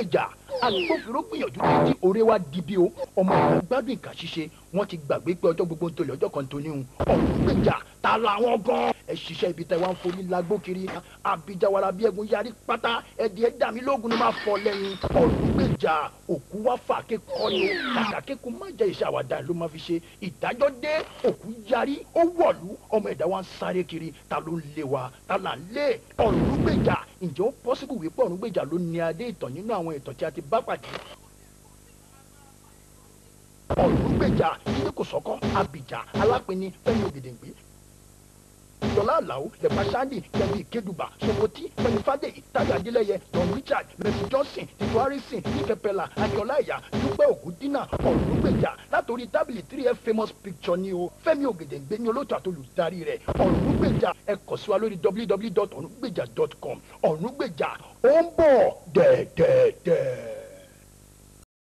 gbèjà agbófinró gbìyànjú títí òré wa di bí o ọmọ ìgbà gbádùn ìkà ṣíṣe wọ́n ti gbàgbé pé ọjọ́ gbogbo ń tolè ọjọ́ kan tó níhun ọ̀hún gbèjà ta làwọn gan. ẹ ṣiṣẹ́ ibi tẹ́ wá ń forí lagbó kiri àbíjàwara bí ẹ̀gún yarí pátá ẹ̀dì ẹ̀dà mi lóògùn ni máa fọ lẹ́yìn olùgbèjà òkú wá fà kékọ́ ni kàkà kékun má jẹ́ iṣẹ́ àwàdà ló máa fi ṣe ìdájọ́ dé òkú yarí ó wọ̀lú ọmọ ẹ̀dá wa ń sáré kiri ta ló ń lé wa ta là ń lé olùgbèjà ǹjẹ́ ó pọ́sibù wípé olùgbèjà ló ní adé ìtàn nínú àwọn ìtàn tí a ti bá pàdé olùgbèjà ní abìjà alápinni fẹ́mi ògèdèǹgbé Tọ́lá Àlàó Lẹ̀pà Sandy Yẹmi Ìkẹ́dùbà Sọ̀kòtì Yẹmi Fádèyí Táyọ̀ Don Richard Mercy Johnson Tito Harrison Ikepela Akíọ́lá Ìyá Dúpẹ́ Ògúndínà látòrí tábìlì three f famous picture ni o Fẹ́mi Ògèdèǹgbé ni olóòtú àtolùdarí rẹ̀ Ọ̀rúngbèjà ẹ kàn sí wa lórí www.orungbeja.com Ọ̀rúngbèjà ó ń bọ̀ dẹ̀